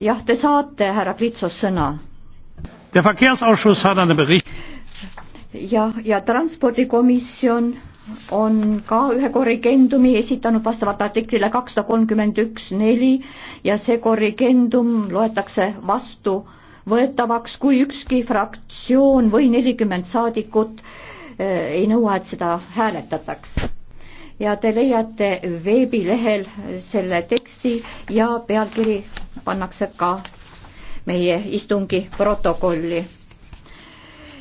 jah, te saate, härra Pritsos, sõna. jah, ja transpordikomisjon on ka ühe korrigendumi esitanud vastavalt artiklile kakssada kolmkümmend üks neli ja see korrigendum loetakse vastu võetavaks, kui ükski fraktsioon või nelikümmend saadikut eh, ei nõua, et seda hääletataks. ja te leiate veebilehel selle teksti ja pealkiri pannakse ka meie istungi protokolli.